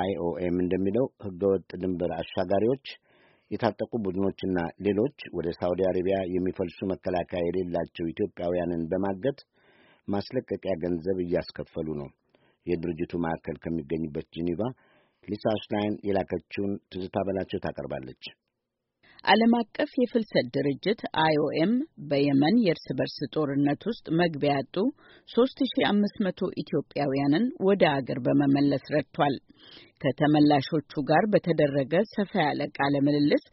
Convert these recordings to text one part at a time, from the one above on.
አይኦኤም እንደሚለው ህገወጥ ድንበር አሻጋሪዎች የታጠቁ ቡድኖችና ሌሎች ወደ ሳውዲ አረቢያ የሚፈልሱ መከላከያ የሌላቸው ኢትዮጵያውያንን በማገት ማስለቀቂያ ገንዘብ እያስከፈሉ ነው። የድርጅቱ ማዕከል ከሚገኝበት ጄኔቫ ሊሳ ሽላይን የላከችውን ትዝታ በላቸው ታቀርባለች። ዓለም አቀፍ የፍልሰት ድርጅት አይኦኤም በየመን የእርስ በርስ ጦርነት ውስጥ መግቢያ ያጡ 3500 ኢትዮጵያውያንን ወደ አገር በመመለስ ረድቷል። ከተመላሾቹ ጋር በተደረገ ሰፋ ያለ ቃለ ምልልስ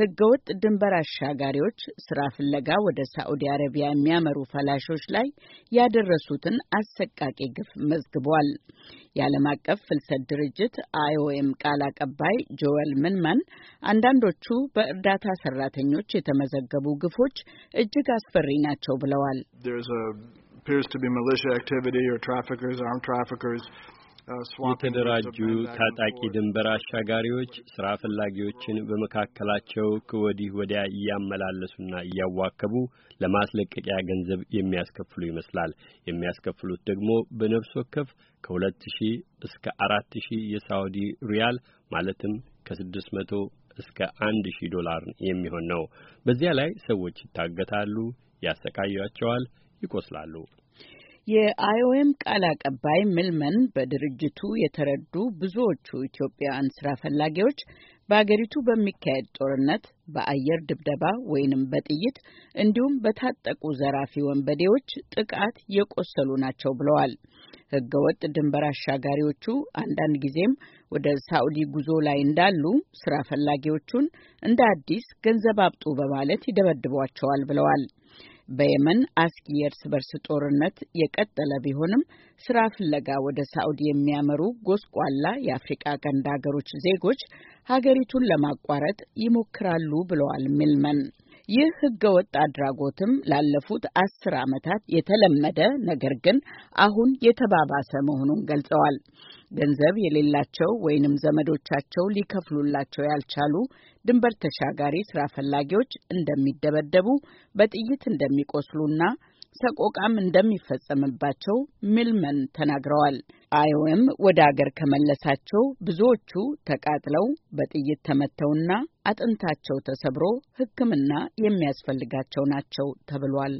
ህገወጥ ድንበር አሻጋሪዎች ስራ ፍለጋ ወደ ሳዑዲ አረቢያ የሚያመሩ ፈላሾች ላይ ያደረሱትን አሰቃቂ ግፍ መዝግቧል። የዓለም አቀፍ ፍልሰት ድርጅት አይኦኤም ቃል አቀባይ ጆዌል ምንመን አንዳንዶቹ በእርዳታ ሰራተኞች የተመዘገቡ ግፎች እጅግ አስፈሪ ናቸው ብለዋል። የተደራጁ ታጣቂ ድንበር አሻጋሪዎች ስራ ፈላጊዎችን በመካከላቸው ከወዲህ ወዲያ እያመላለሱና እያዋከቡ ለማስለቀቂያ ገንዘብ የሚያስከፍሉ ይመስላል። የሚያስከፍሉት ደግሞ በነፍስ ወከፍ ከ2000 እስከ 4000 የሳውዲ ሪያል ማለትም ከ600 እስከ 1000 ዶላር የሚሆን ነው። በዚያ ላይ ሰዎች ይታገታሉ፣ ያሰቃያቸዋል፣ ይቆስላሉ። የአይኦኤም ቃል አቀባይ ምልመን በድርጅቱ የተረዱ ብዙዎቹ ኢትዮጵያውያን ስራ ፈላጊዎች በአገሪቱ በሚካሄድ ጦርነት፣ በአየር ድብደባ ወይንም በጥይት እንዲሁም በታጠቁ ዘራፊ ወንበዴዎች ጥቃት የቆሰሉ ናቸው ብለዋል። ህገወጥ ድንበር አሻጋሪዎቹ አንዳንድ ጊዜም ወደ ሳኡዲ ጉዞ ላይ እንዳሉ ስራ ፈላጊዎቹን እንደ አዲስ ገንዘብ አብጡ በማለት ይደበድቧቸዋል ብለዋል። በየመን አስጊ የእርስ በርስ ጦርነት የቀጠለ ቢሆንም ስራ ፍለጋ ወደ ሳዑዲ የሚያመሩ ጎስቋላ የአፍሪቃ ቀንድ ሀገሮች ዜጎች ሀገሪቱን ለማቋረጥ ይሞክራሉ ብለዋል ሚልመን። ይህ ህገወጥ አድራጎትም ላለፉት አስር ዓመታት የተለመደ ነገር ግን አሁን የተባባሰ መሆኑን ገልጸዋል። ገንዘብ የሌላቸው ወይንም ዘመዶቻቸው ሊከፍሉላቸው ያልቻሉ ድንበር ተሻጋሪ ስራ ፈላጊዎች እንደሚደበደቡ፣ በጥይት እንደሚቆስሉና ሰቆቃም እንደሚፈጸምባቸው ሚልመን ተናግረዋል። አይኦኤም ወደ አገር ከመለሳቸው ብዙዎቹ ተቃጥለው በጥይት ተመተውና አጥንታቸው ተሰብሮ ሕክምና የሚያስፈልጋቸው ናቸው ተብሏል።